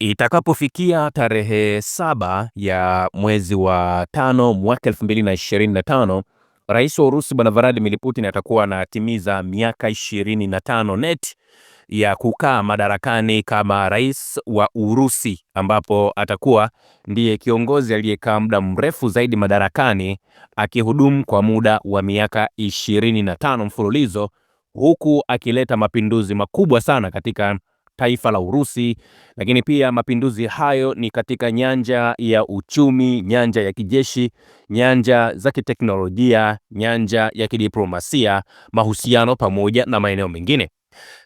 itakapofikia tarehe saba ya mwezi wa tano mwaka tano Rais wa Urusi Bwana Vladimir Putin atakuwa anatimiza miaka ishirini na tano net ya kukaa madarakani kama rais wa Urusi, ambapo atakuwa ndiye kiongozi aliyekaa muda mrefu zaidi madarakani akihudumu kwa muda wa miaka ishirini na tano mfululizo, huku akileta mapinduzi makubwa sana katika taifa la Urusi, lakini pia mapinduzi hayo ni katika nyanja ya uchumi, nyanja ya kijeshi, nyanja za kiteknolojia, nyanja ya kidiplomasia, mahusiano pamoja na maeneo mengine.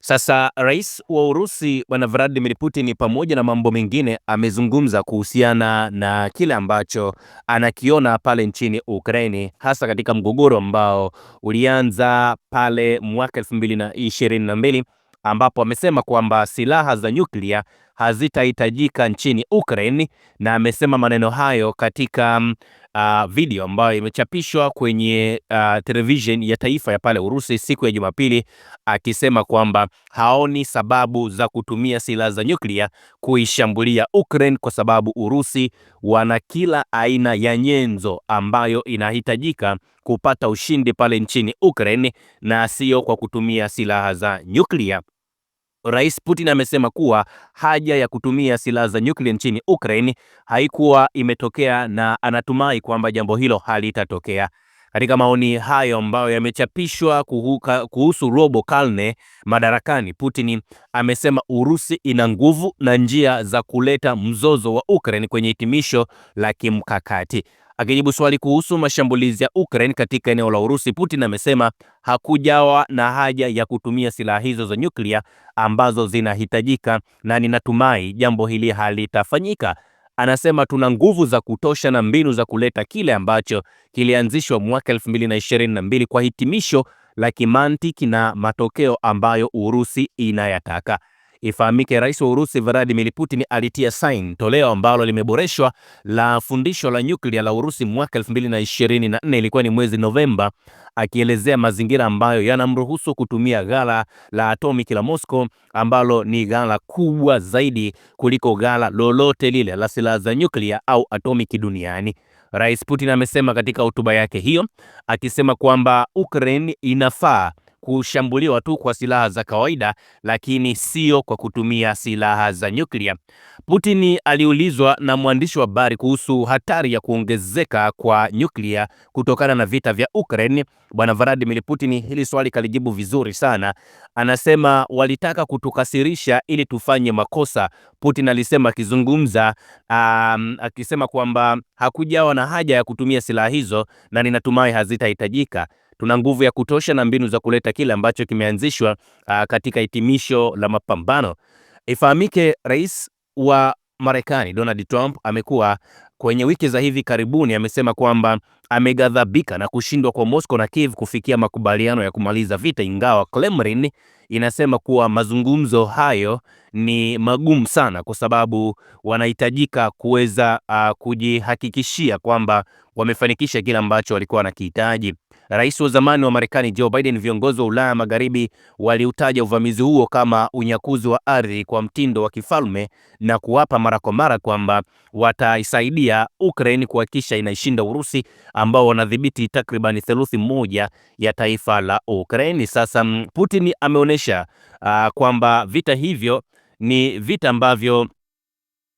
Sasa rais wa Urusi bwana Vladimir Putin, pamoja na mambo mengine, amezungumza kuhusiana na kile ambacho anakiona pale nchini Ukraini, hasa katika mgogoro ambao ulianza pale mwaka 2022 ambapo amesema kwamba silaha za nyuklia hazitahitajika nchini Ukraine, na amesema maneno hayo katika uh, video ambayo imechapishwa kwenye uh, television ya taifa ya pale Urusi siku ya Jumapili, akisema kwamba haoni sababu za kutumia silaha za nyuklia kuishambulia Ukraine kwa sababu Urusi wana kila aina ya nyenzo ambayo inahitajika kupata ushindi pale nchini Ukraine na sio kwa kutumia silaha za nyuklia. Rais Putin amesema kuwa haja ya kutumia silaha za nyuklia nchini Ukraine haikuwa imetokea na anatumai kwamba jambo hilo halitatokea. Katika maoni hayo ambayo yamechapishwa kuhusu robo karne madarakani, Putin amesema Urusi ina nguvu na njia za kuleta mzozo wa Ukraine kwenye hitimisho la kimkakati. Akijibu swali kuhusu mashambulizi ya Ukraine katika eneo la Urusi, Putin amesema hakujawa na haja ya kutumia silaha hizo za nyuklia ambazo zinahitajika, na ninatumai jambo hili halitafanyika. Anasema tuna nguvu za kutosha na mbinu za kuleta kile ambacho kilianzishwa mwaka 2022 kwa hitimisho la kimantiki na matokeo ambayo Urusi inayataka. Ifahamike, rais wa Urusi Vladimir Putin alitia saini toleo ambalo limeboreshwa la fundisho la nyuklia la Urusi mwaka 2024, ilikuwa ni mwezi Novemba, akielezea mazingira ambayo yanamruhusu kutumia ghala la atomiki la Moscow ambalo ni ghala kubwa zaidi kuliko ghala lolote lile la silaha za nyuklia au atomiki duniani. Rais Putin amesema katika hotuba yake hiyo akisema kwamba Ukraine inafaa kushambuliwa tu kwa silaha za kawaida, lakini sio kwa kutumia silaha za nyuklia. Putin aliulizwa na mwandishi wa habari kuhusu hatari ya kuongezeka kwa nyuklia kutokana na vita vya Ukraine. Bwana Vladimir Putin hili swali kalijibu vizuri sana. Anasema walitaka kutukasirisha ili tufanye makosa, Putin alisema akizungumza, um, akisema kwamba hakujawa na haja ya kutumia silaha hizo na ninatumai hazitahitajika tuna nguvu ya kutosha na mbinu za kuleta kile ambacho kimeanzishwa uh, katika hitimisho la mapambano. Ifahamike, rais wa Marekani Donald Trump amekuwa kwenye wiki za hivi karibuni amesema kwamba ameghadhabika na kushindwa kwa Moscow na Kiev kufikia makubaliano ya kumaliza vita, ingawa Kremlin inasema kuwa mazungumzo hayo ni magumu sana, kwa sababu wanahitajika kuweza uh, kujihakikishia kwamba wamefanikisha kile ambacho walikuwa wanakihitaji rais wa zamani wa Marekani Joe Biden, viongozi wa Ulaya Magharibi waliutaja uvamizi huo kama unyakuzi wa ardhi kwa mtindo wa kifalme na kuwapa mara kwa mara kwamba wataisaidia Ukraine kuhakikisha inaishinda Urusi ambao wanadhibiti takribani theluthi moja ya taifa la Ukraine. Sasa mm, Putin ameonyesha uh, kwamba vita hivyo ni vita ambavyo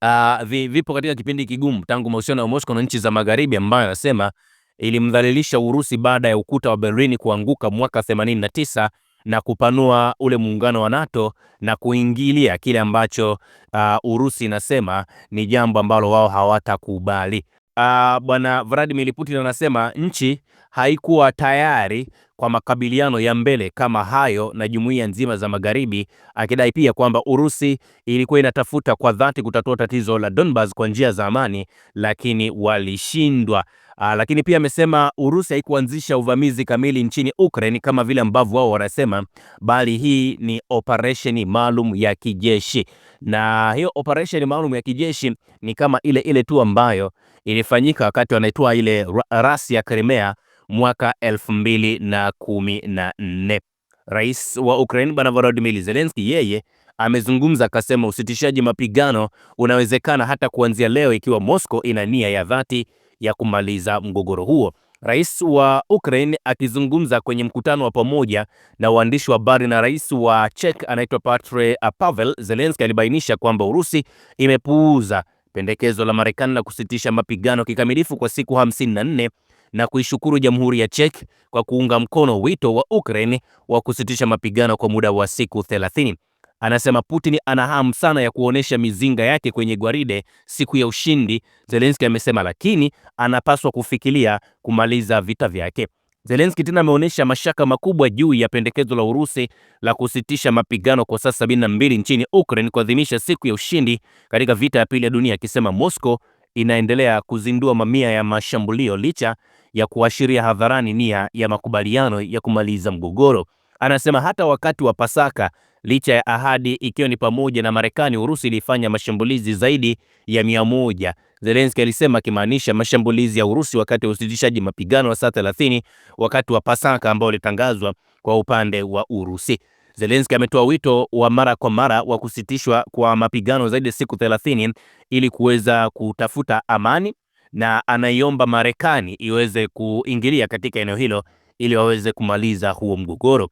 Uh, vipo katika kipindi kigumu tangu mahusiano ya Moscow na nchi za Magharibi ambayo anasema ilimdhalilisha Urusi baada ya ukuta wa Berlin kuanguka mwaka 89 na kupanua ule muungano wa NATO na kuingilia kile ambacho uh, Urusi inasema ni jambo ambalo wao hawatakubali. Uh, bwana Vladimir Putin anasema nchi haikuwa tayari kwa makabiliano ya mbele kama hayo na jumuiya nzima za Magharibi, akidai pia kwamba Urusi ilikuwa inatafuta kwa dhati kutatua tatizo la Donbas kwa njia za amani, lakini walishindwa. Aa, ah, lakini pia amesema Urusi haikuanzisha uvamizi kamili nchini Ukraine kama vile ambavyo wao wanasema, bali hii ni operesheni maalum ya kijeshi, na hiyo operesheni maalum ya kijeshi ni kama ile ile tu ambayo ilifanyika wakati wanaitwa ile rasi ya Crimea mwaka 2014. Rais wa Ukraine Bwana Volodymyr Zelensky yeye amezungumza akasema usitishaji mapigano unawezekana hata kuanzia leo ikiwa Moscow ina nia ya dhati ya kumaliza mgogoro huo. Rais wa Ukraine akizungumza kwenye mkutano wa pamoja na waandishi wa habari na rais wa Czech anaitwa Petr Pavel Zelensky alibainisha kwamba Urusi imepuuza pendekezo la Marekani la kusitisha mapigano kikamilifu kwa siku 54 na kuishukuru Jamhuri ya Czech kwa kuunga mkono wito wa Ukraine wa kusitisha mapigano kwa muda wa siku 30. Anasema Putin ana hamu sana ya kuonesha mizinga yake kwenye gwaride siku ya ushindi, Zelensky amesema, lakini anapaswa kufikiria kumaliza vita vyake. Zelensky tena ameonyesha mashaka makubwa juu ya pendekezo la Urusi la kusitisha mapigano kwa saa 72 nchini Ukraine kuadhimisha siku ya ushindi katika vita ya pili ya dunia, akisema Moscow inaendelea kuzindua mamia ya mashambulio licha ya kuashiria hadharani nia ya makubaliano ya kumaliza mgogoro. Anasema hata wakati wa Pasaka licha ya ahadi, ikiwa ni pamoja na Marekani. Urusi ilifanya mashambulizi zaidi ya mia moja, Zelensky alisema, akimaanisha mashambulizi ya Urusi wakati wa usitishaji mapigano wa saa 30 wakati wa Pasaka ambao ulitangazwa kwa upande wa Urusi. Zelensky ametoa wito wa mara kwa mara wa kusitishwa kwa mapigano zaidi ya siku 30 ili kuweza kutafuta amani na anaiomba Marekani iweze kuingilia katika eneo hilo ili waweze kumaliza huo mgogoro.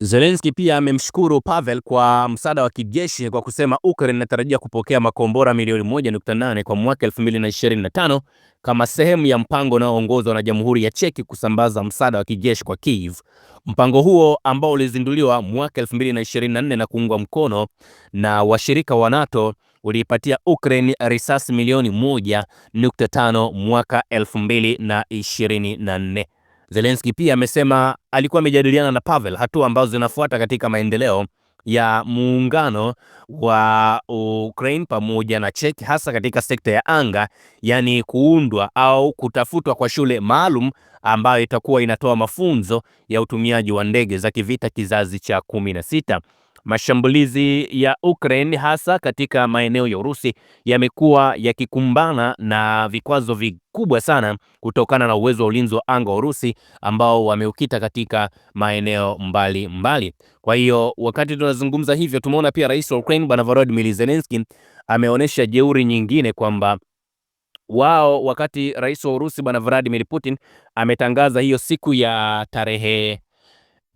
Zelensky pia amemshukuru Pavel kwa msaada wa kijeshi kwa kusema Ukraine inatarajia kupokea makombora milioni 1.8 kwa mwaka 2025 kama sehemu ya mpango unaoongozwa na, na Jamhuri ya Cheki kusambaza msaada wa kijeshi kwa Kiev. Mpango huo ambao ulizinduliwa mwaka 2024 na kuungwa mkono na washirika wa NATO uliipatia Ukraine risasi milioni 1.5 mwaka 2024. Zelensky pia amesema alikuwa amejadiliana na Pavel hatua ambazo zinafuata katika maendeleo ya muungano wa Ukraine pamoja na Czech hasa katika sekta ya anga, yaani kuundwa au kutafutwa kwa shule maalum ambayo itakuwa inatoa mafunzo ya utumiaji wa ndege za kivita kizazi cha kumi na sita. Mashambulizi ya Ukraine hasa katika maeneo ya Urusi yamekuwa yakikumbana na vikwazo vikubwa sana kutokana na uwezo wa ulinzi wa anga wa Urusi ambao wameukita katika maeneo mbali mbali. Kwa hiyo wakati tunazungumza hivyo, tumeona pia rais wa Ukraine bwana Volodymyr Zelensky ameonyesha jeuri nyingine kwamba wao wakati rais wa Urusi bwana Vladimir Putin ametangaza hiyo siku ya tarehe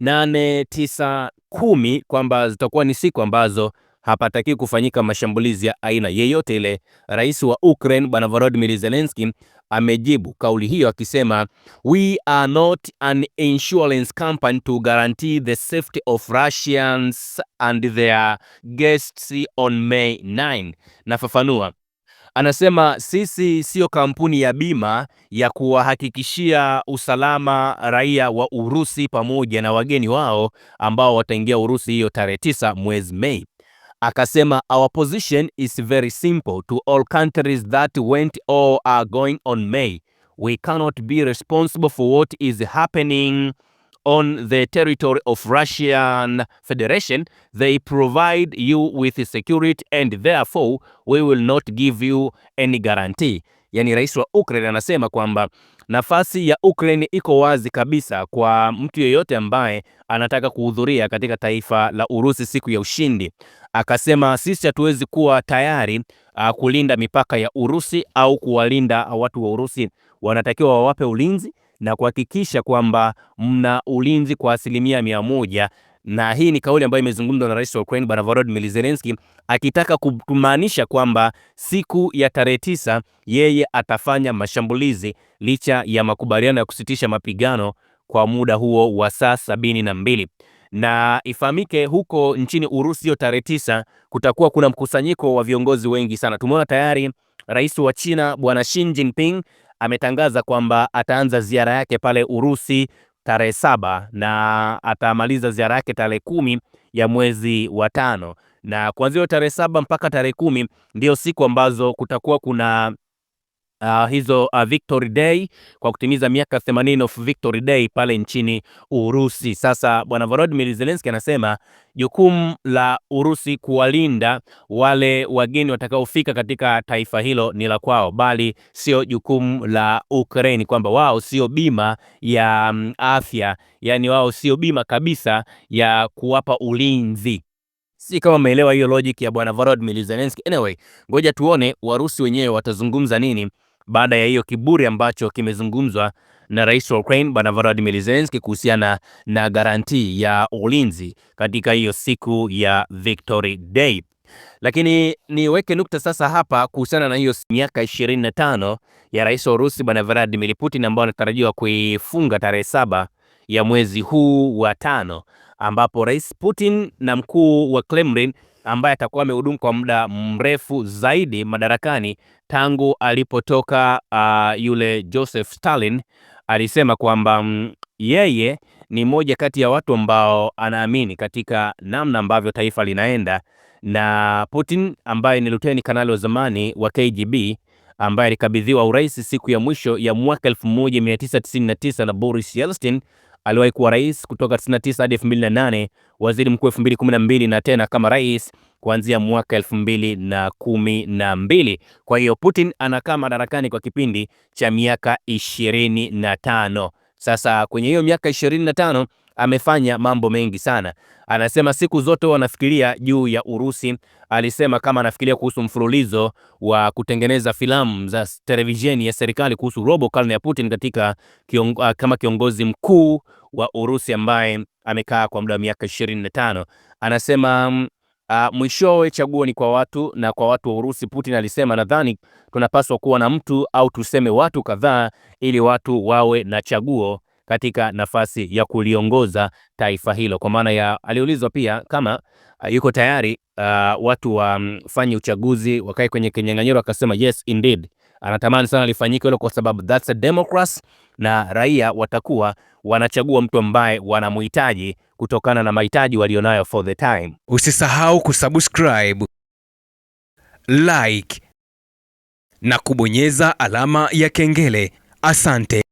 nane, tisa, kumi kwamba zitakuwa ni siku ambazo hapatakii kufanyika mashambulizi ya aina yeyote ile. Rais wa Ukraine Bwana Volodymyr Zelensky amejibu kauli hiyo akisema we are not an insurance company to guarantee the safety of Russians and their guests on May 9. Nafafanua, Anasema sisi siyo kampuni ya bima ya kuwahakikishia usalama raia wa Urusi pamoja na wageni wao ambao wataingia Urusi hiyo tarehe tisa mwezi Mei. Akasema our position is very simple to all countries that went or are going on May. We cannot be responsible for what is happening on the territory of Russian Federation, they provide you with security and therefore we will not give you any guarantee. Yani, rais wa Ukraine anasema kwamba nafasi ya Ukraine iko wazi kabisa kwa mtu yeyote ambaye anataka kuhudhuria katika taifa la Urusi siku ya ushindi. Akasema sisi hatuwezi kuwa tayari uh, kulinda mipaka ya Urusi au kuwalinda watu wa Urusi, wanatakiwa wawape ulinzi na kuhakikisha kwamba mna ulinzi kwa asilimia mia moja na hii ni kauli ambayo imezungumzwa na rais wa Ukraine bwana Volodymyr Zelensky akitaka kumaanisha kwamba siku ya tarehe tisa yeye atafanya mashambulizi licha ya makubaliano ya kusitisha mapigano kwa muda huo wa saa sabini na mbili na ifahamike huko nchini Urusi hiyo tarehe tisa kutakuwa kuna mkusanyiko wa viongozi wengi sana. Tumeona tayari rais wa China bwana Xi Jinping ametangaza kwamba ataanza ziara yake pale Urusi tarehe saba na atamaliza ziara yake tarehe kumi ya mwezi wa tano, na kuanzia tarehe saba mpaka tarehe kumi ndiyo siku ambazo kutakuwa kuna Uh, hizo uh, Victory Day kwa kutimiza miaka 80 of Victory Day pale nchini Urusi. Sasa bwana Volodymyr Zelensky anasema jukumu la Urusi kuwalinda wale wageni watakaofika katika taifa hilo ni la kwao, bali sio jukumu la Ukraine, kwamba wao sio bima ya um, afya, yani wao sio bima kabisa ya kuwapa ulinzi. Si kama umeelewa hiyo logic ya bwana Volodymyr Zelensky. Anyway, ngoja tuone Warusi wenyewe watazungumza nini baada ya hiyo kiburi ambacho kimezungumzwa na rais wa Ukraine bwana Volodymyr Zelensky kuhusiana na garantii ya ulinzi katika hiyo siku ya Victory Day. Lakini niweke nukta sasa hapa kuhusiana na hiyo miaka 25 ya rais wa Urusi bwana Vladimir Putin ambao anatarajiwa kuifunga tarehe saba ya mwezi huu wa tano ambapo rais Putin na mkuu wa Kremlin ambaye atakuwa amehudumu kwa muda mrefu zaidi madarakani tangu alipotoka uh, yule Joseph Stalin alisema kwamba mm, yeye ni mmoja kati ya watu ambao anaamini katika namna ambavyo taifa linaenda, na Putin ambaye ni luteni kanali wa zamani wa KGB ambaye alikabidhiwa urais siku ya mwisho ya mwaka 1999 na Boris Yeltsin aliwahi kuwa rais kutoka 99 hadi 2008, waziri mkuu 2012 na tena kama rais kuanzia mwaka 2012. Kwa hiyo Putin anakaa madarakani kwa kipindi cha miaka 25. Sasa kwenye hiyo miaka 25 amefanya mambo mengi sana. Anasema siku zote wanafikiria juu ya Urusi. Alisema kama anafikiria kuhusu mfululizo wa kutengeneza filamu za televisheni ya serikali kuhusu robo karne ya Putin katika kiong uh, kama kiongozi mkuu wa Urusi ambaye amekaa kwa muda wa miaka 25. Anasema Uh, mwishowe chaguo ni kwa watu na kwa watu wa Urusi. Putin alisema, nadhani tunapaswa kuwa na mtu au tuseme watu kadhaa ili watu wawe na chaguo katika nafasi ya kuliongoza taifa hilo, kwa maana ya aliulizwa pia kama uh, yuko tayari uh, watu wafanye mm, um, uchaguzi wakae kwenye kinyang'anyiro, akasema yes indeed, anatamani sana lifanyike hilo kwa sababu that's a democracy, na raia watakuwa wanachagua mtu ambaye wanamhitaji kutokana na mahitaji walionayo for the time. Usisahau kusubscribe, like na kubonyeza alama ya kengele. Asante.